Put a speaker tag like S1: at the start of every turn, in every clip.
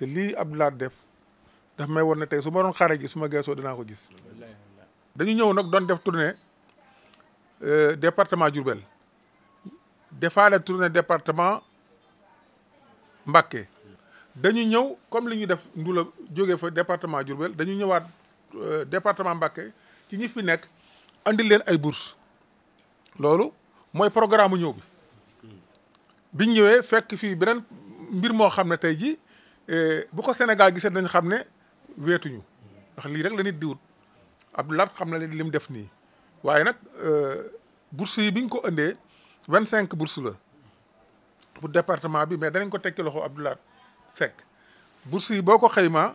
S1: te lii Abdoulaye def daf may war na teg su ma doon xare ji su ma geesoo dinaa ko gis dañu ñëw nag doon def tournée euh, département Diourbel defaale tournée département Mbacké dañu ñëw comme li ñu def ndula jóge fa département Diourbel dañu ñëwaat euh, département Mbacké ci ñi fi nekk andi leen ay bourse loolu mooy programme ñëw bi biñ ñëwee fekk fii beneen mbir moo xam ne tey ji eh, bu ko Sénégal gisee nañ xam ne weetuñu ndax lii rek la nit diwut Abdou Lahad xam na leen lim def nii waaye nag eh, bourse yi biñ ko indee vingt cinq bourse la pour département bi mais danañ ko tekki loxo Abdou Lahad Seck bourse yi boo ko xaymaa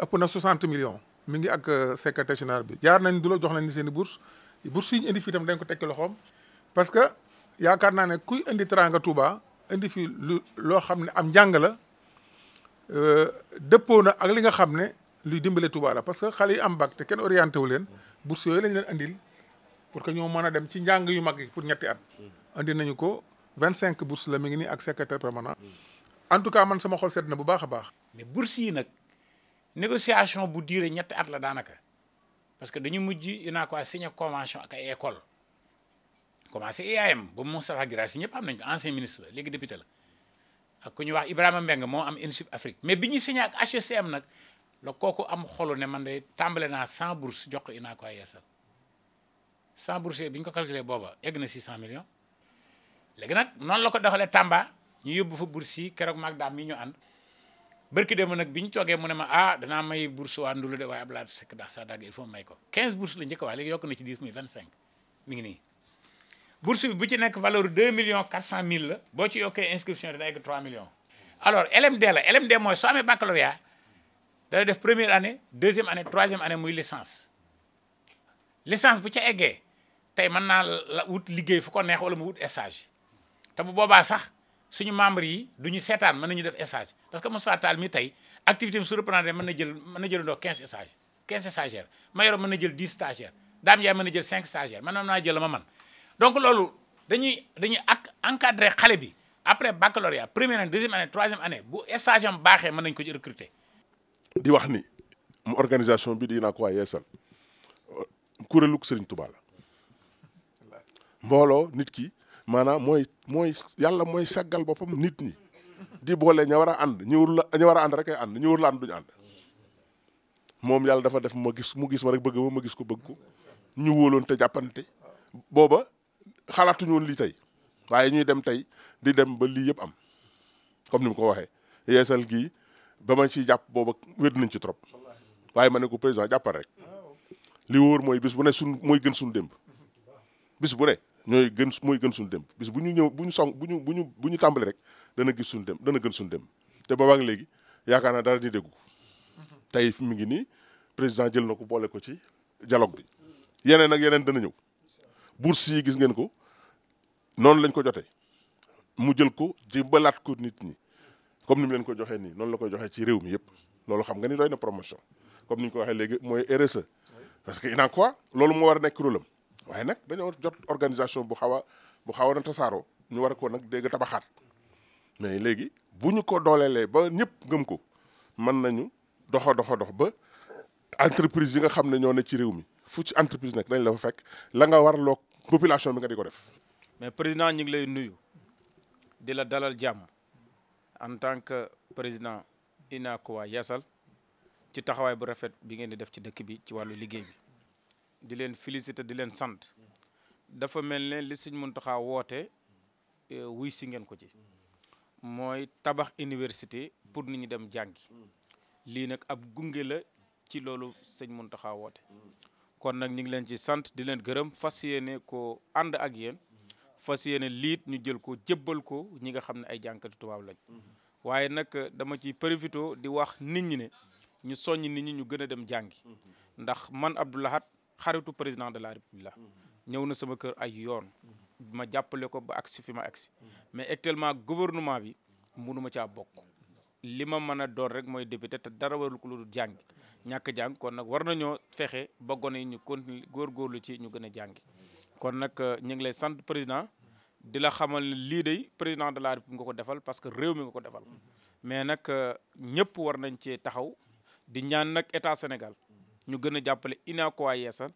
S1: ëpp na 60 million mi ngi ak eh, secrétaire général bi jaar nañ du jox nañ seen i bourse yi ñu indi fii tam dañ ko tekki loxoom parce que yaakaar naa ne kuy indi teranga Touba indi fi lu loo xam ne am njàng la euh, dëppoo na ak li nga xam ne luy dimbale Touba la parce que xale yi am bac te kenn orienté wu leen bourse yooyu lañ leen indil pour que ñoo mën a dem ci njàng yu mag yi pour ñetti at. andi nañu ko vingt cinq bourse la mi ngi nii ak secrétaire permanent. en tout cas man sama xol sedd na bu baax a baax. mais bourse yi nag
S2: négociation bu diire ñetti at la daanaka. parce que dañu mujj UNACOIS signé convention ak ay école commencé IAM ba Moustapha Guirassy ñëpp xam nañ ko ancien ministre la léegi député la ak ku ñuy wax Ibrahima Mbengue moo am INSUP Afrique mais bi ñu signé ak HECM nag la kooku am xolu ne man de tàmbale naa 100 bourses jox ko UNACOIS Yeesal 100 bourses bi ñu ko calculé booba egg na 600 millions léegi nag noonu la ko doxalee Tamba ñu yobbu fa bourses yi keroog mag daam yi ñu bërki dem nag bi ñu toogee mu ne ma ah danaa may bourse waa ndulu de waaye Abdoulaye Seck ndax sa dagg il faut may ko 15 bourse la njëkk wax léegi yokk na ci 10 muy 25 mi ngi nii bi bu ci nekk valeur 2 millions 400 mille la boo ci yokkee inscription dina egg 3 millions alors LMD la LMD mooy soo amee baccalauréat dana def première année deuxième année troisième année muy licence licence bu ca eggee tey mën naa la wut liggéey fu ko neex wala mu wut stage te bu boobaa sax suñu membre yi du ñu seetaan mën ñu def stage parce que Moustapha taal mi tey activité am su reprendre mën na jël mën na jëlandoo 15 stage 15 stagiaires Mayoro mën na jël 10 stagiaires Dame Ndiaye mën na jël 5 stagiaires man naa jël ma man donc loolu dañuy dañuy ak encadré xale bi après baccalauréat première année deuxième année troisième année bu stage am baaxee mën nañu ko ci recruter.
S3: di wax ni mu organisation bi dinaa ko waa yeesal kuréelu Serigne Touba la mbooloo nit ki. maanaam mooy mooy yàlla mooy saggal boppam nit ñi di boolee ña war a ànd ñu la ña war a ànd rek ay ànd ñu wër la ànd duñu ànd moom yàlla dafa def ma gis mu gis ma rek bëgg ma ma gis ko bëgg ko ñu wóoloon te jàppante booba xalaatuñu woon lii tey waaye ñuy dem tey di dem ba lii yëpp am comme ni mu ko waxee yeesal gii ba ma ci jàpp booba wér nañ ci trop waaye ma ne ko président jàppal rek li wóor mooy bis bu ne sun mooy gën suñu démb bis bu ne ñooy gën mooy gën suñu dem bis bu ñu ñëw bu ñu song ñu bu ñu bu ñu tàmbali rek dana gis suñu dem dana gën suñu dem te boobaak léegi yaakaar naa dara di déggu tey mu ngi nii président jël na ko boole ko ci dialogue bi yeneen ak yeneen dana ñëw bourse yi gis ngeen ko noonu lañ ko jotee mu jël ko jimbalaat ko nit ñi comme ni mu leen ko joxee nii noonu la koy joxee ci réew mi yëpp loolu xam nga ni doy na promotion comme ni ñu ko waxee léegi mooy RSE parce que inaan quoi loolu moo war a nekk rôlam waaye nag dañoo jot organisation bu xaw a bu xaw a tasaaroo ñu war ko nag dégg tabaxaat mais léegi bu ñu ko dooleelee ba ñëpp gëm ko mën nañu doxa doxa dox ba entreprise yi nga xam ne ñoo ne ci réew mi fu ci entreprise nag dañ la fa fekk la nga war loo population bi nga di ko def.
S4: mais président ñu ngi lay nuyu di la dalal jàmm en tant que président waa yasal ci taxawaay bu rafet bi ngeen di def ci dëkk bi ci wàllu liggéey bi. di leen féliciter di leen sant dafa mel ne li sëñ Muntaxa woote eh, wuy si ngeen ko ci mooy tabax université pour nit ñi dem jàngi lii nag ab gunge la ci loolu sëñ Muntaxa woote kon nag ñu ngi leen ci sant di leen gërëm fas yéene ko ànd ak yéen fas yéene liit ñu jël ko jëbbal ko ñi nga xam ne ay jànkati tubaab lañ waaye nag dama ci profité di wax nit ñi ne ñu soññ nit ñi ñu gën a dem jàngi ndax man Abdou Lahad xaritu président de la république la mm-hmm. ñëw na sama kër ay yoon mm-hmm. ma jàppale ko ba agsi fi ma agsi mm-hmm. mais actuellement gouvernement bi mënu ma caa bokk li ma mën a doon rek mooy député te dara warul ko lu dul jàngi ñàkk jàng kon nag war nañoo fexe ba gone yi ñu continuer góorgóorlu ci ñu gën a jàngi kon nag euh, ñu ngi lay sant président di la xamal lii day président de la république nga ko defal parce que réew mi nga ko defal mais nag euh, ñëpp war nañ cee taxaw di ñaan nag état Sénégal ñu gën a jàppale UNACOIS Yeesal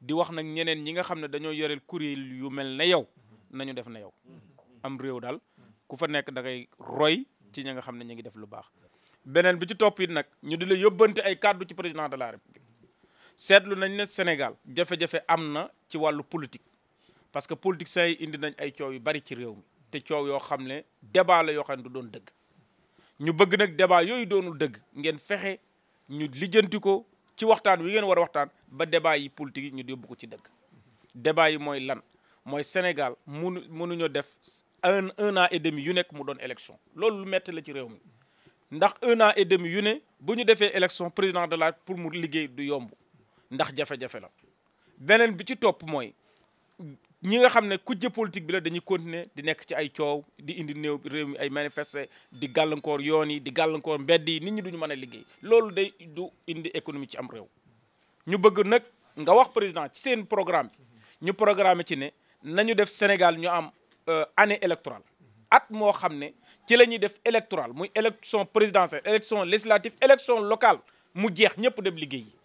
S4: di wax nag ñeneen ñi nga xam ne dañoo yoreel kuréel yu mel ne yow ñu def na yow am réew daal ku fa nekk da roy ci ñi nga xam ne ñu ngi def lu baax beneen bi ci topp it nag ñu di la yóbbante ay kàddu ci président de la république seetlu nañ ne Sénégal jafe-jafe am na ci wàllu politique parce que politiciens yi indi nañ ay coow yu bari ci réew mi te coow yoo xam ne débat la yoo xam ne du doon dëgg ñu bëgg nag debaa yooyu doonul dëgg ngeen fexe ñu lijjanti ci waxtaan wi ngeen war a waxtaan ba débat yi politique yi ñu yóbbu ko ci dëgg débat yi mooy lan mooy Sénégal munu mënuñoo def un un an yu nekk mu doon élection loolu lu metti la ci réew mi ndax un an et yu ne bu ñu defee élection président de la pour mu liggéey du yomb ndax jafe-jafe la beneen bi ci topp mooy ñi nga xam ne kujje politique bi la dañuy continuer di nekk ci ay coow di indi néew réew mi ay manifester di gàllankoor yoon yi di gàllankoor mbedd yi nit ñi duñu mën liggéey loolu day du indi économie ci am réew ñu bëgg nag nga wax président ci seen programme bi ñu programme ci ne nañu def Sénégal ñu am euh, année électorale at moo xam ne ci la ñuy def électorale muy élection présidentielle élection législative élection locale mu jeex ñëpp def liggéey yi